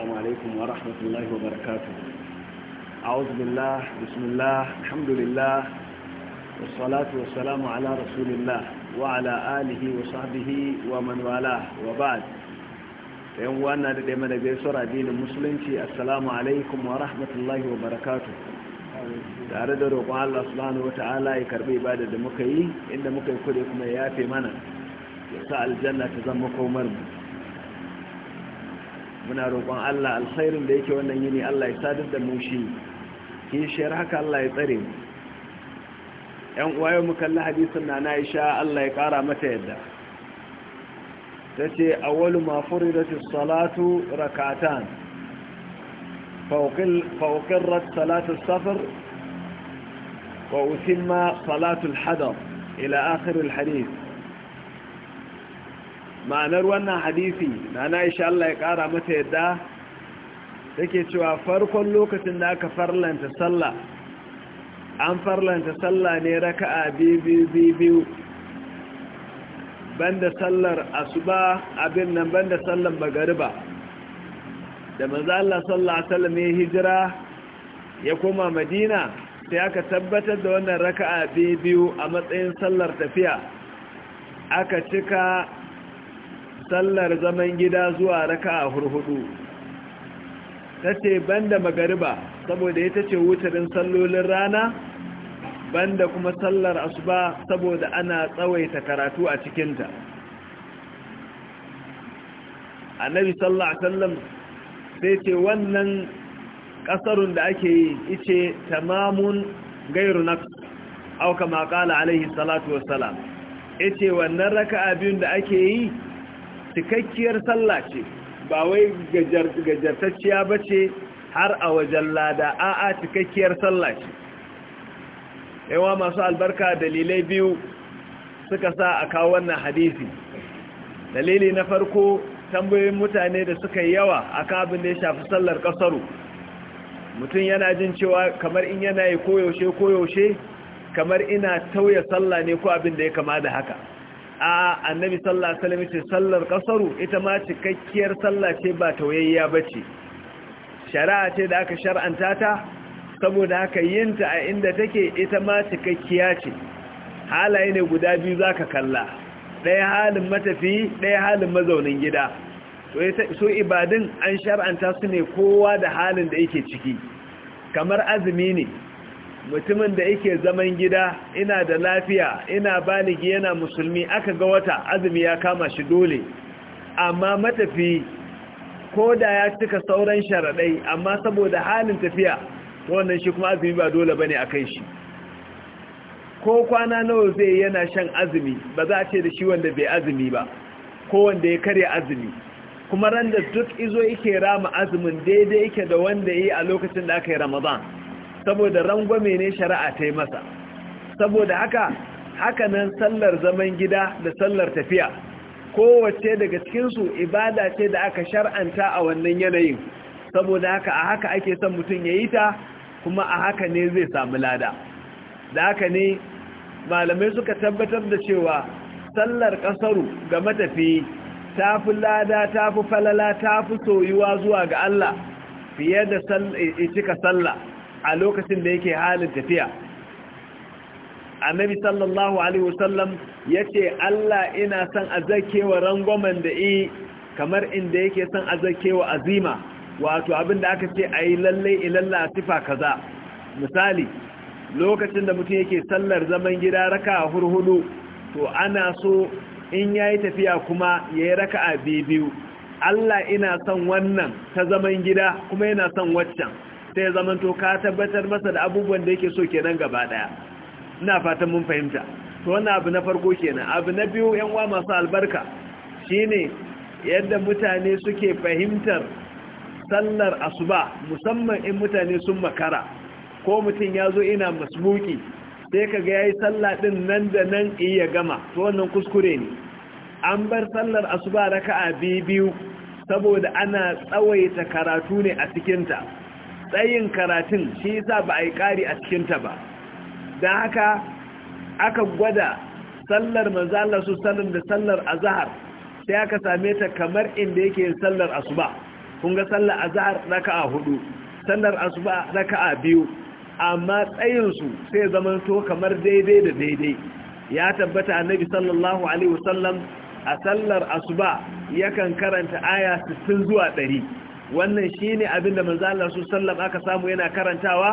السلام عليكم ورحمة الله وبركاته أعوذ بالله بسم الله الحمد لله والصلاة والسلام على رسول الله وعلى آله وصحبه ومن والاه وبعد yan wana da daima da gaisuwar addinin musulunci assalamu alaikum wa rahmatullahi wa barakatu tare da roƙon Allah subhanahu wa ta'ala ya karɓi ibada da muka yi inda muka yi kuɗe kuma ya yafe mana ya sa aljanna ta zama komar mu muna roƙon Allah alkhairin da yake wannan yini Allah ya sadar da mu shi ki shar haka Allah ya tsare ɗan uwa yau muka kalli hadisin na na isha Allah ya ƙara mata yadda ta ce awwalu ma furidati salatu rakatan fawqil fawqir rak salatu safar wa usimma salatu al-hadar ila akhir al-hadith ma'anar wannan hadisi na na isha Allah ya ƙara mata yadda take cewa farkon lokacin da aka farlanta sallah an farlanta sallah ne raka a biyu biyu biyu banda sallar asuba abin nan banda sallar magariba da maza Allah sallallahu alaihi wasallam ya hijira ya koma Madina sai aka tabbatar da wannan raka biyu biyu a matsayin sallar tafiya aka cika sallar zaman gida zuwa raka a hurhudu ta ce banda magariba saboda ita ce wutarin sallolin rana banda kuma sallar asuba saboda ana tsawaita karatu a cikinta annabi Sallar a sai ce wannan kasarun da ake yi ice tamamun gairu na auka makala alaihi salatu Ita ice wannan raka abin da ake yi cikakkiyar sallah ce ba wai gajartacciya ba ce har a wajen lada a'a cikakkiyar sallah ce yawa masu albarka dalilai biyu suka sa a kawo wannan hadisi dalili na farko tambayoyin mutane da suka yawa a kabin da ya shafi sallar kasaru mutum yana jin cewa kamar in yana yi koyaushe koyaushe kamar ina tauya sallah ne ko abin da ya kama da haka a annabi sallallahu alaihi wasallam ce sallar kasaru ita ma cikakkiyar sallah ce ba tawayayya bace shari'a ce da aka shar'anta ta saboda haka yinta a inda take ita ma cikakkiya ce halaye ne guda biyu zaka kalla ɗaya halin matafi ɗaya halin mazaunin gida so ibadin an shar'anta su ne kowa da halin da yake ciki kamar azumi ne mutumin da yake zaman gida ina da lafiya ina baligi yana musulmi aka ga wata azumi ya kama shi dole amma matafi ko da ya cika sauran sharaɗai amma saboda halin tafiya wannan shi kuma azumi ba dole bane a kai shi ko kwana nawa zai yana shan azumi ba za a ce da shi wanda bai azumi ba ko wanda ya karya azumi kuma randa duk izo yake rama azumin daidai yake da wanda yi a lokacin da aka yi ramadan saboda rangwame ne shari'a ta yi masa saboda haka haka nan sallar zaman gida da sallar tafiya kowace daga cikinsu ibada ce da aka shar'anta a wannan yanayin saboda haka a haka ake son mutum ya yi ta kuma a haka ne zai samu lada da haka ne malamai suka tabbatar da cewa sallar kasaru ga matafi ta fi lada ta fi falala ta fi soyuwa zuwa ga Allah fiye da cika sallah a lokacin da yake halin tafiya annabi sallallahu alaihi wasallam yace Allah ina son azakewa rangwamen da yi kamar inda yake son azakewa azima wato abinda aka ce ayi lalle ilalla sifa kaza misali lokacin da mutum yake sallar zaman gida raka hurhudu to ana so in yayi tafiya kuma yayi a biyu Allah ina son wannan ta zaman gida kuma yana son waccan sai ya zamanto ka tabbatar masa da abubuwan da yake so kenan gaba daya ina fatan mun fahimta to wannan abu na farko kenan abu na biyu yan uwa masu albarka shine yadda mutane suke fahimtar sallar asuba musamman in mutane sun makara ko mutum ya zo ina masmuki sai ka ga ya yi sallah ɗin nan da nan iya gama to wannan kuskure ne an bar sallar asuba raka'a biyu saboda ana tsawaita karatu ne a cikinta tsayin karatun shi yasa ba a yi ƙari a cikinta ba don haka aka gwada sallar mazalar su sallar da sallar azahar sai aka same ta kamar inda yake yin sallar asuba kun ga sallar azahar a hudu sallar asuba a biyu amma tsayinsu sai zaman to kamar daidai da daidai ya tabbata annabi sallallahu alaihi wasallam a sallar asuba yakan karanta aya sittin zuwa ɗari. wannan shine abin da manzo su sallar aka samu yana karantawa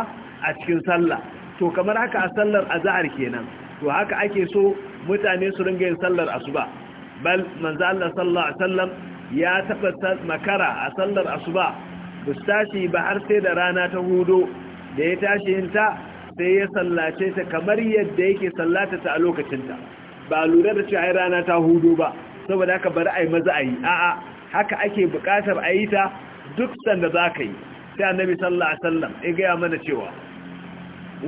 a cikin sallah to kamar haka a sallar a azhar kenan to haka ake so mutane su ringa yin sallar asuba bal manzo Allah ya taɓa makara a sallar asuba bustashi ba har sai da rana ta hudu da ya tashi yin ta sai ya sallace ta kamar yadda yake sallata ta a lokacinta ba lura da cewa rana ta hudu ba saboda haka bari a yi maza a yi a'a haka ake buƙatar a yi ta duk sanda za ka yi sai annabi sallallahu alaihi wasallam ya gaya mana cewa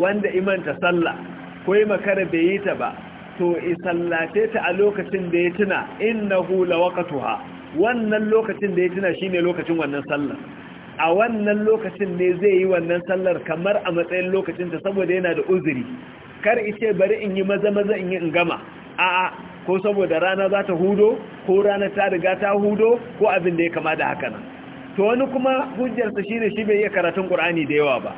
wanda imanta sallah ko yi makara bai yi ta ba to in sallace ta a lokacin da ya tuna innahu lawaqatuha wannan lokacin da ya tuna shine lokacin wannan sallar a wannan lokacin ne zai yi wannan sallar kamar a matsayin lokacin ta saboda yana da uzuri kar ice bari in yi maza maza in yi in gama a'a ko saboda rana za ta hudo ko rana ta riga ta hudo ko abin da ya kama da haka nan to wani kuma hujjarsa shine shi bai iya karatun Qur'ani da yawa ba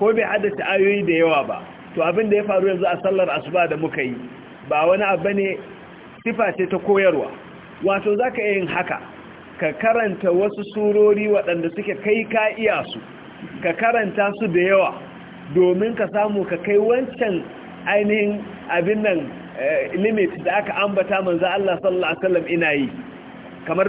ko bai haddace ayoyi da yawa ba to abin da ya faru yanzu a sallar asuba da muka yi ba wani abu ne sifa ce ta koyarwa wato zaka yin haka ka karanta wasu surori waɗanda suke kai ka iya su ka karanta su da yawa domin ka samu ka kai wancan ainihin abin nan eh, limit da aka ambata manzo Allah sallallahu alaihi wasallam ina yi kamar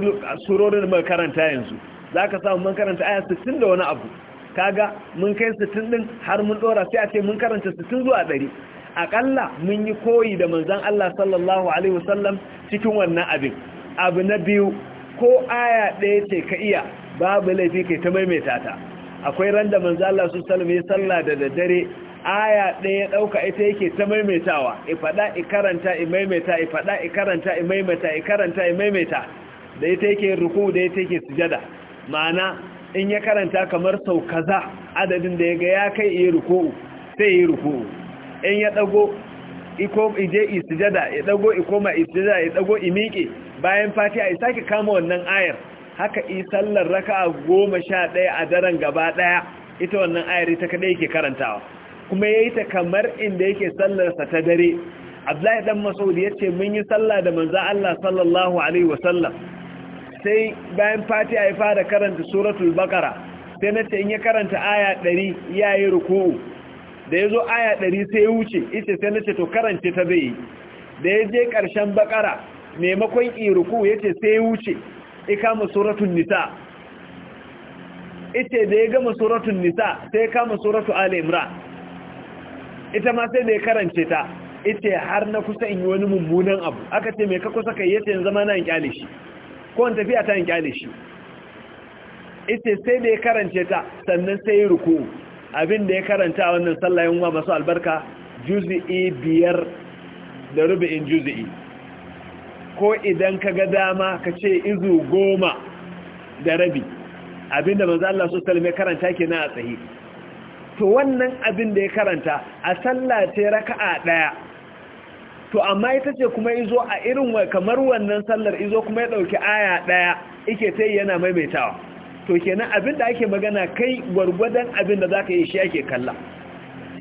surorin da muka karanta yanzu za ka samu mun karanta aya sittin da wani abu kaga mun kai sittin din har mun dora sai a ce mun karanta sittin zuwa 100 akalla mun yi koyi da manzon Allah sallallahu alaihi wasallam cikin wannan abin abu na biyu ko aya ɗaya ce ka iya babu laifi kai ta maimaita ta akwai randa manzon Allah sallallahu alaihi wasallam ya salla da dare, aya ɗaya ɗauka ita yake ta maimaitawa i faɗa i karanta i maimaita i faɗa i karanta i maimaita i karanta i maimaita da ita yake ruku da ita yake sujada ma'ana in ya karanta kamar sau kaza adadin da ya ga ya kai iya ruko sai yi ruko in ya dago iko ije istijada ya dago ikoma istijada ya dago imiƙe bayan fati a isa sake kama wannan ayar haka isallar sallar a goma sha ɗaya a daren gaba ɗaya ita wannan ayar ita kaɗai yake karantawa kuma ya yi ta kamar inda yake sallarsa ta dare abdullahi dan masaudi ya ce mun yi sallah da manza allah sallallahu alaihi wasallam sai bayan a ya fara karanta suratul bakara sai na ce in ya karanta aya ɗari ya yi ruku'u da ya zo aya ɗari sai ya wuce ita sai na ce to karance ta zai yi da ya je ƙarshen bakara maimakon iruku ya ce sai ya wuce kama suratun nisa ita da ya gama suratun nisa sai ya kama suratu al'imra ita ma sai da ya karance ta ita har na kusa in yi wani mummunan abu aka ce mai ka kusa kai yace zama na in shi ko tafiya ta in kyale shi ita sai da ya karance ta sannan sai ya ruku abin da ya karanta wannan sallah yunwa masu albarka juzi'i biyar da rubu'in juzi'i ko idan ka ga dama ka ce izu goma da rabi abin da manzo Allah sallallahu salme, karanta kenan a tsahi to wannan abin da ya karanta a sallah ce a daya to amma ita ce kuma izo a irin kamar wannan sallar izo kuma ya ɗauki aya ɗaya ike ta yana maimaitawa to kenan abin da ake magana kai gwargwadon abin da za yi shi ake kalla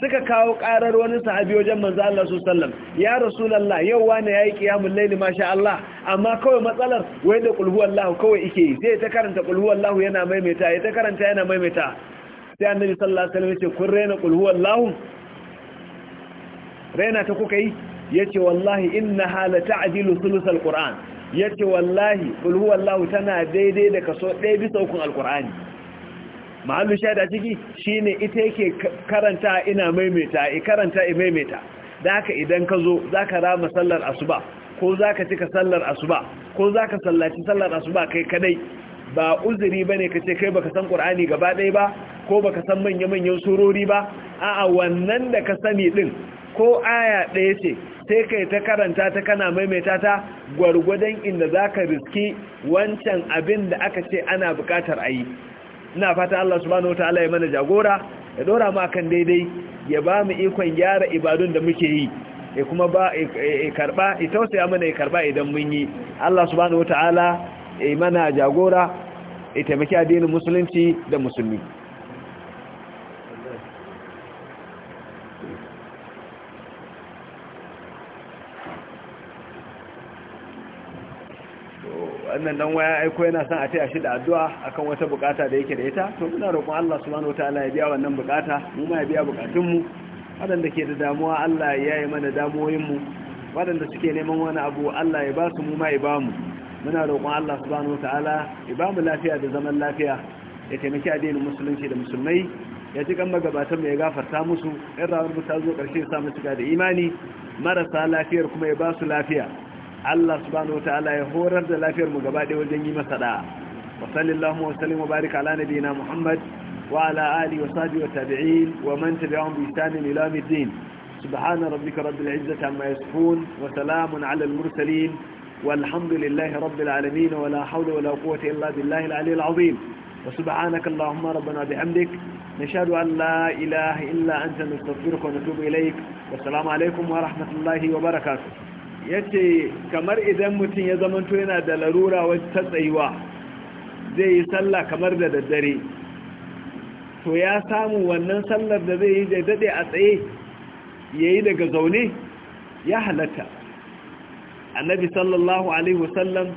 suka kawo ƙarar wani sahabi wajen manzo Allah su sallam ya rasulullah yau wani yayi qiyamul layli masha Allah amma kawai matsalar wai da kulhu Allah kawai yake yi sai ta karanta kulhu Allah yana maimaita ya ta karanta yana maimaita sai annabi sallallahu alaihi wasallam ya ce kun rena kulhu Allah rena ta kuka yi yace wallahi inna la ta'dilu thuluth alquran yace wallahi qul huwallahu tana daidai da kaso ɗaya bisa ukun alqurani mahallu shaida ciki shine ita yake karanta ina maimaita i karanta i maimaita da haka idan ka zo zaka rama sallar asuba ko ka cika sallar asuba ko zaka sallaci sallar asuba kai kadai ba uzuri bane kace kai baka san qur'ani gaba ɗaya ba ko baka san manya-manyan surori ba a'a wannan da ka sani ɗin ko aya ɗaya ce sai kai ta karanta ta kana maimaita ta gwargwadon inda za ka riski wancan abin da aka ce ana bukatar a yi ina fata Allah subhanahu wa ta'ala ya mana jagora ya dora ma kan daidai ya ba mu ikon gyara ibadun da muke yi ya kuma ba ya karba ya tausaya mana ya karba idan mun yi Allah subhanahu wa ta'ala ya mana jagora ya taimaki addinin musulunci da musulmi wannan dan waya aiko yana son a taya shi da addu'a akan wata bukata da yake da ita to muna roƙon Allah subhanahu wataala ya biya wannan bukata mu ma ya biya bukatun mu wadanda ke da damuwa Allah ya yi mana damuwoyin mu Wadanda suke neman wani abu Allah ya ba su mu ma ya ba mu muna roƙon Allah subhanahu wataala ya ba mu lafiya da zaman lafiya ya taimaki addinin musulunci da musulmai ya ji gamba gabatar mai gafarta musu in rawar mu ta zo ƙarshe sa mu cika da imani marasa lafiyar kuma ya ba su lafiya Allah subhanahu wataala ya horar da lafiyar mu gaba ɗaya wajen yi masa da wa sallallahu wa sallam wa barika ala nabiyina Muhammad wa ala alihi wa sahbihi wa tabi'in wa man tabi'ahum bi ihsan ila yawmiddin subhana rabbika rabbil izzati amma yasifun wa salamun ala al mursalin والحمد لله رب العالمين ولا حول ولا قوة إلا بالله العلي العظيم وسبحانك اللهم ربنا بحمدك نشهد أن لا إله إلا أنت نستغفرك ونتوب إليك والسلام عليكم ورحمة الله وبركاته ya ce kamar idan mutum ya zamanto yana da larura wacce ta tsayuwa zai yi sallah kamar da daddare to ya samu wannan sallar da zai yi da daɗe a tsaye ya yi daga zaune ya halatta annabi sallallahu alaihi wasallam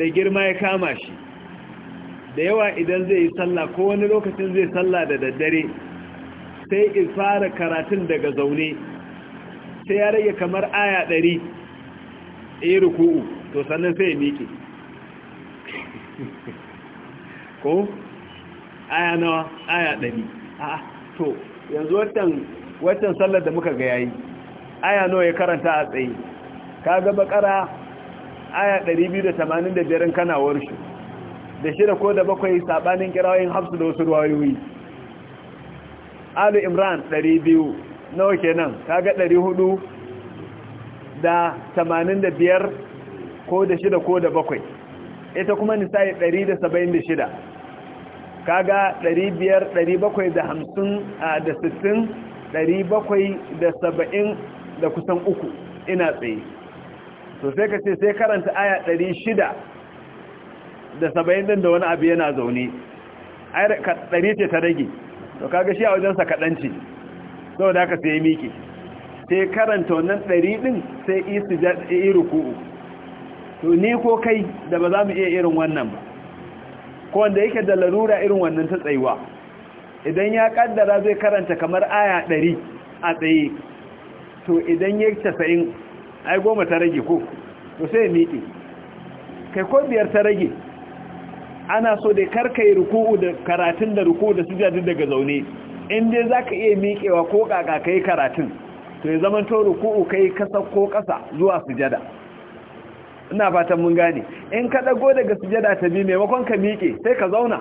da girma ya kama shi da yawa idan zai yi sallah ko wani lokacin zai sallah da daddare sai in fara karatun daga zaune sai ya rage kamar aya ɗari yi eh, ruku'u to sannan sai ya miƙe ko aya nawa aya ɗari a to yanzu watan sallar da muka ga yayi aya nawa ya karanta a tsaye ka ga bakara aya 285 kana warshi da shida ko da bakwai sabanin kirawoyin hafsu da wasu ruwayoyi alu imran 200 nawa kenan ɗari 400 da 85 ko da shida ko da bakwai ita kuma nisa'i 176 kaga 500 750 da 60 ah, bakwai, da kusan uku ina tsaye to sai ka ce sai karanta aya 600 da 70 din da wani abu yana zaune ɗari 100 ce ta rage to kaga shi a wajensa kaɗanci da aka sai miki miki. sai karanta wannan ɗari ɗin sai yi ku'u. to ni ko kai da ba za mu iya irin wannan ba ko wanda yake da larura irin wannan ta tsayuwa idan ya kaddara zai karanta kamar aya ɗari a tsaye to idan ya casa'in ai goma ta rage ko to sai ya miƙe kai ko biyar ta rage ana so da karka yi ruku'u da karatun da ruku'u da sujadu daga zaune in dai za ka iya miƙewa ko ƙaƙa ka yi karatun to ya zama ruku'u kai kasa ko kasa zuwa sujada ina fatan mun gane in ka dago daga sujada ta bi maimakon ka miƙe sai ka zauna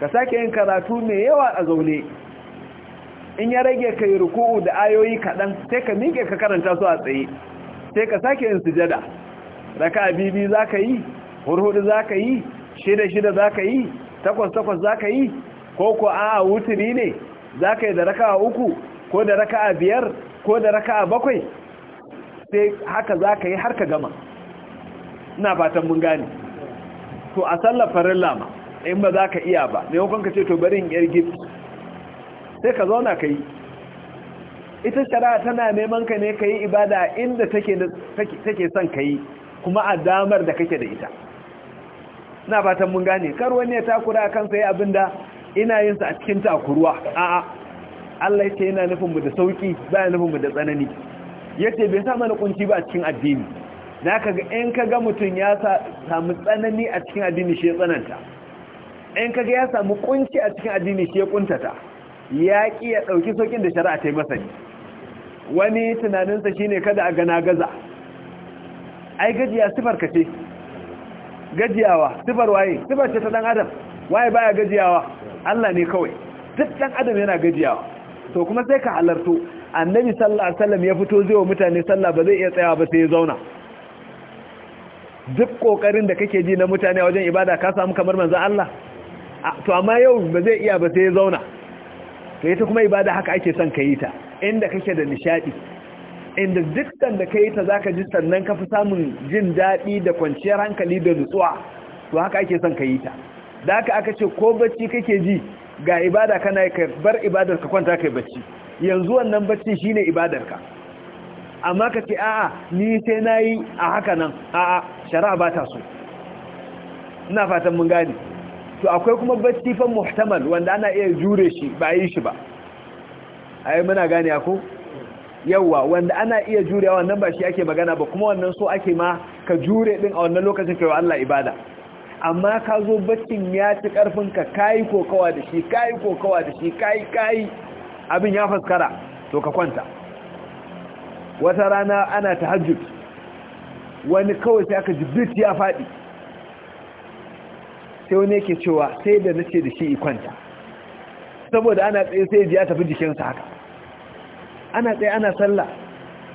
ka sake yin karatu mai yawa a zaune in ya rage ka yi ruku'u da ayoyi kaɗan sai ka miƙe ka karanta su a tsaye sai ka sake yin sujada raka bibi za ka yi hurhudu za ka yi shida-shida za ka yi takwas-takwas za ka yi ko ko a wuturi ne za ka yi da raka uku ko da raka'a biyar ko da raka'a bakwai sai haka za ka yi har ka gama ina fatan mun gane to a sallar farin lama in ba za ka iya ba ne hukunka ce to bari in yar gift sai ka zauna ka yi ita shari'a tana neman ka ne ka yi ibada inda take son ka yi kuma a damar da kake da ita na fatan mun gane kar wani ya takura kansa yi abin da ina yinsa a cikin takuruwa a'a Allah yake yana nufin mu da sauki ba nufin mu da tsanani yace bai sa mana kunci ba a cikin addini na kaga in kaga mutum ya samu tsanani a cikin addini shi ya tsananta in kaga ya samu kunci a cikin addini shi ya kuntata ya ki ya dauki sokin da shari'a ta yi masa ne wani tunaninsa shine kada a gana gaza ai gajiya sifar ka ce gajiyawa sifar waye sifar ce ta dan adam waye baya gajiyawa Allah ne kawai duk dan adam yana gajiyawa to kuma sai ka halarto annabi sallallahu alaihi wasallam ya fito zai wa mutane sallah ba zai iya tsaya ba sai ya zauna duk kokarin da kake ji na mutane a wajen ibada ka samu kamar manzo Allah to amma yau ba zai iya ba sai ya zauna to ita kuma ibada haka ake son ka ta inda kake da nishadi inda dukkan da ka ta zaka ji sannan ka fi samun jin daɗi da kwanciyar hankali da nutsuwa to haka ake son ka ta da haka aka ce ko bacci kake ji ga ibada kana ka bar ibadar ka kwanta kai bacci yanzu wannan bacci shine ibadarka. ka amma ka a'a ni sai nayi a haka nan a'a shari'a ba ta so ina fatan mun gane to akwai kuma bacci fa muhtamal wanda ana iya jure shi ba yi shi ba ai muna gane ko yawa wanda ana iya jurewa wannan ba shi ake magana ba kuma wannan so ake ma ka jure din a wannan lokacin kai wa Allah ibada amma ka zo baccin ya ci ka kayi kokawa da shi kayi kokawa da shi kayi kayi abin ya faskara to ka kwanta wata rana ana tahajjud wani kawai sai aka jibbit ya faɗi sai wani yake cewa sai da nace da shi kwanta saboda ana tsaye sai ji ya tafi jikinsa haka ana tsaye ana sallah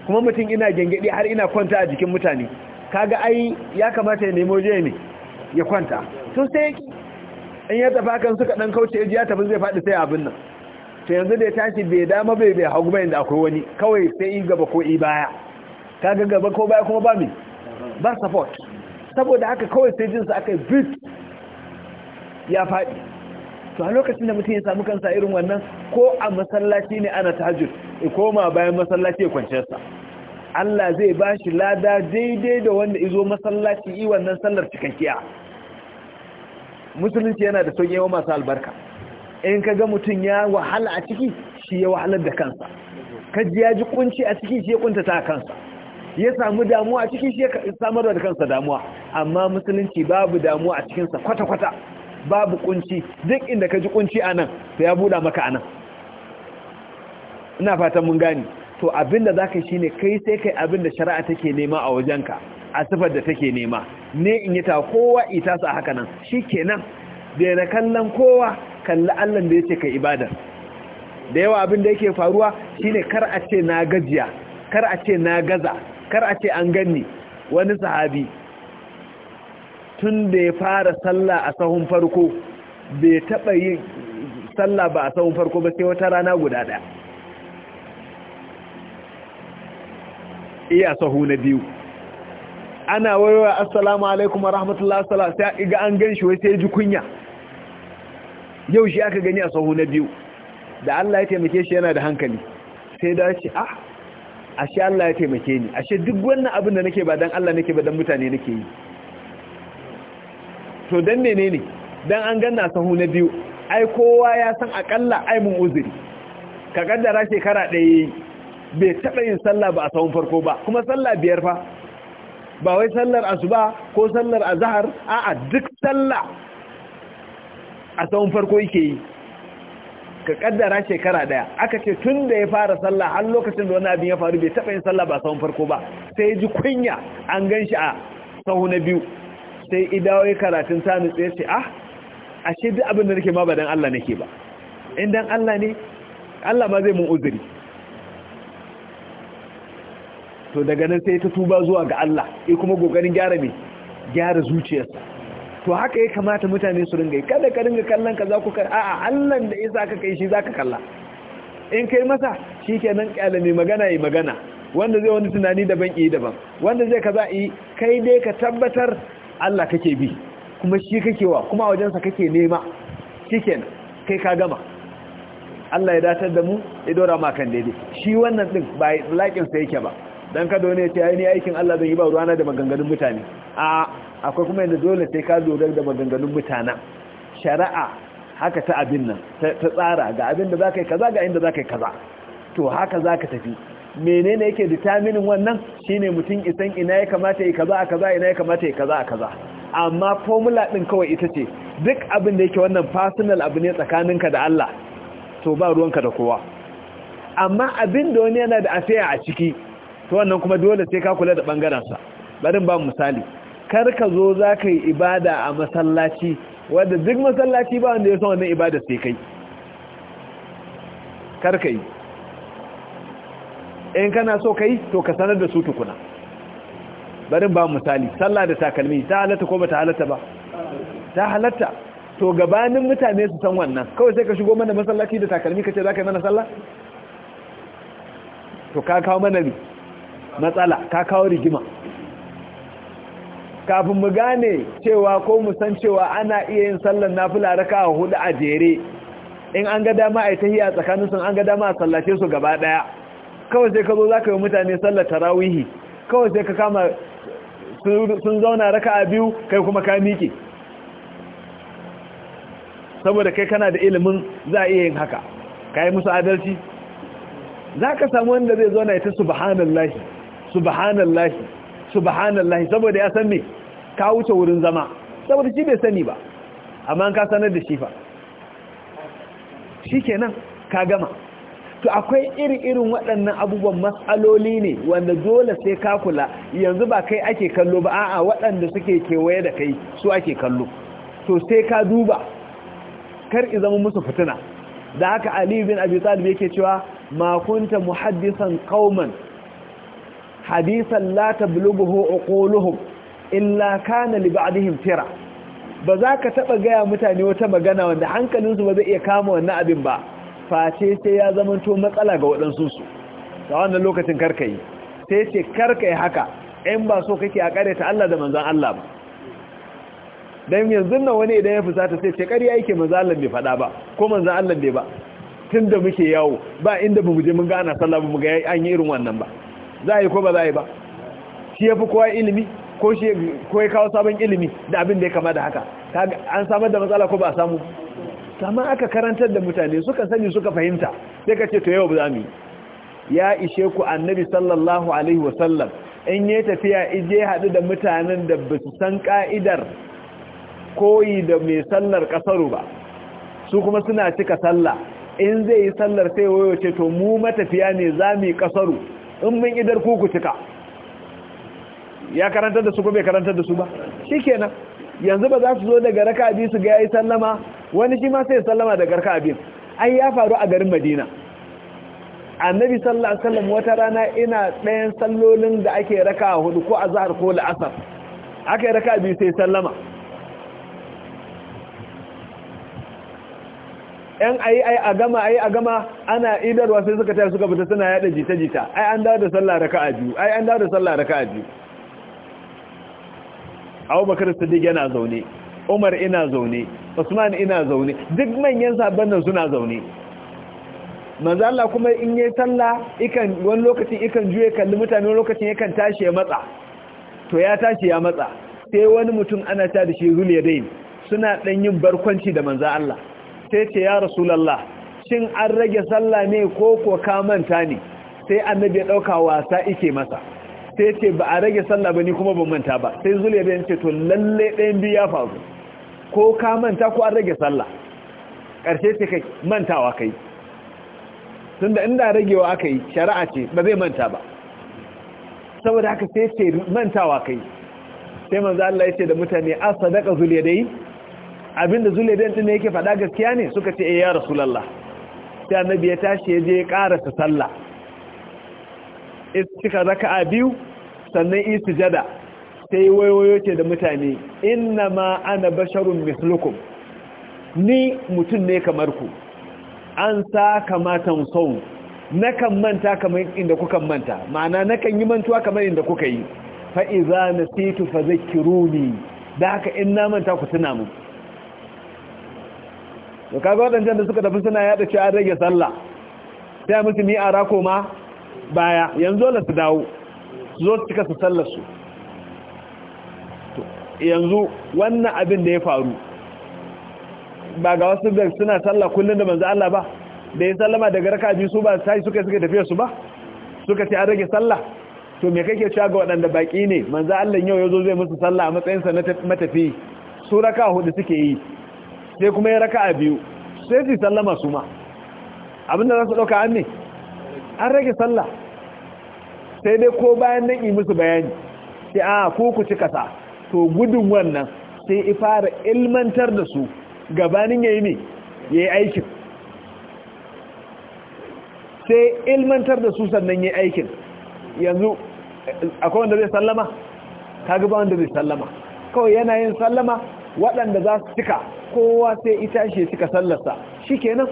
kuma mutum ina gengedi har ina kwanta a jikin mutane kaga ai ya kamata ya nemo jiya ne ya kwanta tun sai in ya tafi kan suka dan kauce ya tafi zai faɗi sai abin nan to yanzu da ya tashi bai dama bai bai hagu bai da akwai wani kawai sai yi gaba ko yi baya ga gaba ko baya kuma ba mi ba support saboda haka kawai sai jinsa aka yi bit ya faɗi to a lokacin da mutum ya samu kansa irin wannan ko a masallaci ne ana tajir, ya koma bayan masallaci ya kwanciyarsa Allah zai ba shi lada daidai da wanda izo masallaci yi wannan sallar cikakkiya musulunci yana da son yawa masu albarka in ka ga mutum ya wahala a ciki shi ya wahalar da kansa kaji ya ji kunci a ciki shi ya kuntata kansa ya samu damuwa a ciki shi ya samar da kansa damuwa amma musulunci babu damuwa a cikinsa kwata-kwata babu kunci duk inda ka ji kunci a nan ya buɗa maka a nan ina fatan mun gani to abinda da za ka shi ne kai sai kai abin da shari'a take nema a wajenka a sifar da take nema ne in yi ta kowa ita su a haka nan shi kenan da na kallon kowa kalli allon da ya ce ka ibadar da yawa abin da yake faruwa shi ne kar a ce na gajiya kar a ce na gaza kar a ce an ganni wani sahabi tun da ya fara sallah a sahun farko bai taɓa yi sallah ba a sahun farko ba sai wata rana guda ɗaya iya sahu na biyu ana wayowa assalamu alaikum wa rahmatullahi assalamu sai ga an ganshi wai sai ji kunya yau shi aka gani a sahu na biyu da Allah ya taimake shi yana da hankali sai da shi ah ashe Allah ya taimake ni ashe duk wannan abin da nake ba dan Allah nake ba dan mutane nake yi to dan menene dan an ganna sahu na biyu ai kowa ya san akalla ai mun uzuri ka kaddara shekara ɗaya bai taɓa yin sallah ba a sahun farko ba kuma sallah biyar fa ba wai sallar asuba ko sallar azhar a'a duk sallah a sahun farko yake yi ka kaddara shekara daya aka ce tun da ya fara sallah har lokacin da wani abin ya faru bai taɓa yin sallah ba a sahun farko ba sai ji kunya an gan shi a sahu na biyu sai idawo ya karatun ta nutse ce ah ashe duk abin da nake ma ba dan Allah nake ba in dan Allah ne Allah ma zai mun uzuri to daga nan sai ta tuba zuwa ga Allah ya kuma gogarin gyara mai gyara zuciyarsa to haka ya kamata mutane su ringa kada ka ringa kallon ka za ku kar a'a Allah da Isa ka kai shi zaka kalla in kai masa shikenan kyale mai magana yi magana wanda zai wani tunani daban yi daban wanda zai kaza yi kai dai ka tabbatar Allah kake bi kuma shi kake wa kuma a wajensa kake nema shikenan kai ka gama Allah ya datar da mu ya dora kan daidai shi wannan din ba sa yake ba dan kada wani ya ce ainihin aikin Allah zan yi ba ruwana da maganganun mutane a akwai kuma yadda dole sai ka zorar da maganganun mutane. shari'a haka ta abin nan ta tsara ga abin da zaka yi kaza ga inda zaka yi kaza to haka zaka tafi menene yake determining wannan shine mutum isan ina ya kamata yi kaza a kaza ina ya kamata yi kaza a kaza amma formula din kawai ita ce duk abin da yake wannan personal abu ne tsakaninka da Allah to ba ruwanka da kowa amma abin da wani yana da afiya a ciki to wannan kuma dole sai ka kula da ɓangarensa barin ba misali kar ka zo za ka yi ibada a masallaci wadda duk masallaci ba wanda ya san wannan ibada sai kai kar ka yi in kana so ka yi to ka sanar da su tukuna barin ba misali sallah da takalmi ta halatta ko ba ta halatta ba ta halatta to gabanin mutane su san wannan kawai sai ka shigo mana masallaci da takalmi ka ce za ka yi mana sallah to ka kawo mana ne matsala ka kawo rigima kafin mu gane cewa ko mu san cewa ana iya yin sallar nafila raka a hudu a jere in an ga dama a ta hiya tsakanin sun an ga dama a sallace su gaba daya kawai sai ka zo za ka yi mutane sallar tarawihi kawai sai ka kama sun zauna raka a biyu kai kuma ka miƙe saboda kai kana da ilimin za a iya yin haka ka yi musu adalci za ka samu wanda zai zauna ya ta subhanallahi subhanallahi subhanallahi saboda ya san me ka wuce wurin zama saboda shi bai sani ba amma ka sanar da shi fa shikenan ka gama to akwai iri-irin waɗannan abubuwan matsaloli ne wanda dole sai ka kula yanzu ba kai ake kallo ba a'a waɗanda suke kewaye da kai su ake kallo to sai ka duba kar i zama musu fitina da haka ali bin abi talib yake cewa ma kunta muhaddisan qauman hadisan la tablughu uquluhum illa kana li ba'dihim tira ba za ka taba gaya mutane wata magana wanda hankalinsu ba zai iya kama wannan abin ba face sai ya zamanto matsala ga waɗansu su da wannan lokacin karkai sai ce karkai haka in ba so kake a kare ta Allah da manzon Allah ba dan yanzu nan wani idan ya fusata sai ce ƙarya yake manzon Allah bai faɗa ba ko manzon Allah bai ba tunda muke yawo ba inda bamu je mun ga ana sallah ba mu ga an yi irin wannan ba za a yi ko ba za a yi ba shi ya fi kowa ilimi ko shi ya kawo sabon ilimi da abin da ya kama da haka an samar da matsala ko ba a samu sama aka karantar da mutane suka sani suka fahimta sai ka ce to yau za mu ya ishe ku annabi sallallahu alaihi wasallam in ya tafiya ije haɗu da mutanen da ba su san ka'idar koyi da mai sallar kasaru ba su kuma suna cika sallah in zai yi sallar sai wayo ce to mu matafiya ne za mu yi kasaru in mun idar ku ku cika ya karanta da su ko bai karantar da su ba shikenan yanzu ba za su zo daga raka abi su ga yayi sallama wani shi ma sai sallama daga raka abi ai ya faru a garin Madina annabi sallallahu alaihi wasallam wata rana ina ɗayan sallolin da ake raka hudu ko azhar ko la'asar akai raka abi sai sallama yan ayi ayi a gama ayi a gama ana idarwa sai suka tayar suka fita suna yada jita-jita ai an dawo da sallah a biyu ai an dawo da sallah a biyu Abubakar sadiq yana zaune Umar ina zaune Usman ina zaune duk manyan sabon nan suna zaune manzala Allah kuma in yi sallah ikan wani lokacin ikan juye kalli mutane wani lokacin yakan tashi ya matsa to ya tashi ya matsa sai wani mutum ana ta da shi zuliya dai suna dan yin barkwanci da manzo Allah sai ce ya rasulallah shin an rage sallah ne ko ko ka manta ne sai annabi ya dauka wasa ike masa sai ce ba a rage sallah ba ni kuma ban manta ba sai zuliya da ce to lalle ɗayan biyu ya faru ko ka manta ko an rage sallah ƙarshe ce kai mantawa kai tunda inda ragewa aka yi shari'a ce ba zai manta ba saboda haka sai ce mantawa kai sai manzo Allah ya ce da mutane a sadaka zuliya dai Abin abinda zulaidan din yake faɗa gaskiya ne suka ce eh, ya rasulullah sai annabi ya tashi ya je ya karasa sallah istika raka'a biyu sannan istijada sai wayoyo ce da mutane inna ma ana basharun mislukum ni mutum ne kamar ku an sa kamatan sau nakan manta kamar inda kuka manta ma'ana nakan yi mantuwa kamar inda kuka yi fa'iza na situ fa zakiruni da haka in na manta ku tuna mu to kaga waɗancan da suka tafi suna yaɗa ci an rage sallah sai musu mi a rako ma baya yanzu na su dawo su zo su cika su sallar su yanzu wannan abin da ya faru ba ga wasu da suna sallah kullum da manzo Allah ba da ya sallama daga raka biyu su ba sai suka suka tafiya su ba suka ce an rage sallah to me kake cewa ga waɗanda baki ne manzo Allah yau yazo zai musu sallah a matsayin sa na matafi su raka hudu suke yi sai kuma ya raka a biyu sai su sallama su ma abinda za su ɗauka an ne an rage salla sai dai ko bayan nan yi musu bayani sai a ah, ko ku ci kasa to gudun wannan sai i fara ilmantar da su gabanin yi ne yi aikin sai ilmantar da su sannan ya yi aikin yanzu akwai wanda zai sallama ta gaba wanda zai sallama kawai yana yin sallama waɗanda za su cika kowa sai ita shi suka sallasa shi kenan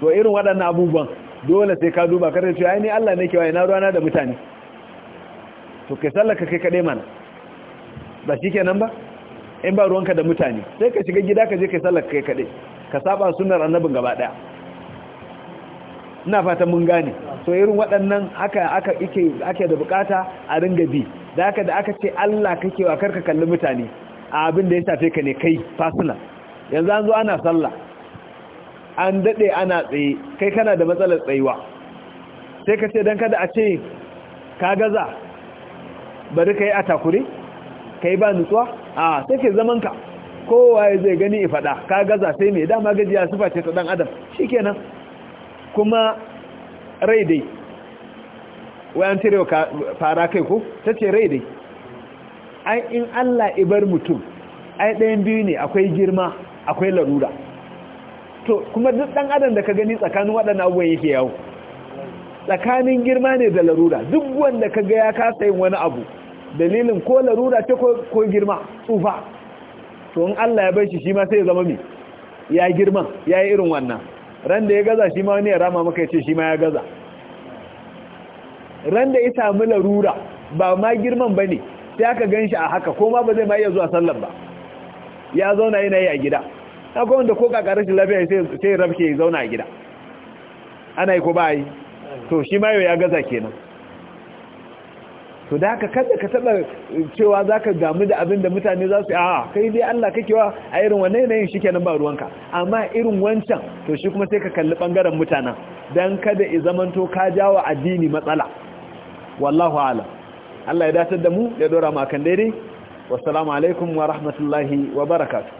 to irin waɗannan abubuwan dole sai ka duba kar cewa ai ni Allah ne ke waye na ruwana da mutane to kai sallaka kai kaɗai mana ba shi kenan ba in ba ruwanka da mutane sai ka shiga gida ka je kai sallaka kai kaɗai ka saba sunar annabin gaba ɗaya ina fatan mun gane so irin waɗannan aka aka ake ake da bukata a ringa bi da haka da aka ce Allah kake wa karka kalli mutane a abin da ya shafe ka ne kai fasila yanzu an zo ana sallah an daɗe ana tsaye kai kana da matsalar tsayuwa sai ka ce don kada a ce ka gaza bari ka yi a takure ka yi ba nutsuwa a sai ke ka kowa zai gani ifada ka gaza sai mai dama gajiya sufa ce ta ɗan adam shi kenan kuma rai dai wayan cirewa fara kai ku, ta ce rai dai ai in Allah ibar mutum ai ɗayan biyu ne akwai girma akwai larura to kuma duk ɗan adam da ka gani tsakanin waɗannan abubuwan yake yawo tsakanin girma ne da larura duk wanda ka ga ya kasa yin wani abu dalilin ko larura ta ko girma tsufa to in Allah ya bar shi shi ma sai ya zama mai ya girman ya yi irin wannan ran da ya gaza shi ma wani ya rama maka ya ce shi ma ya gaza ran da ya samu larura ba ma girman ba ne sai aka gan shi a haka ko ma ba zai ma iya zuwa sallar ba ya zauna yana yi a gida akwai wanda ko kaka lafiya sai rafke ya zauna a gida ana yi ko ba yi to shi ma ya gaza kenan to da haka kada ka taba cewa za ka damu da abin da mutane za su a kai dai Allah kake wa a irin wannan yanayin shi kenan ba ruwanka amma irin wancan to shi kuma sai ka kalli bangaren mutanen don kada i zamanto ka jawa addini matsala wallahu alam Allah ya datar da mu ya dora mu akan daidai wassalamu alaikum wa rahmatullahi wa barakatu.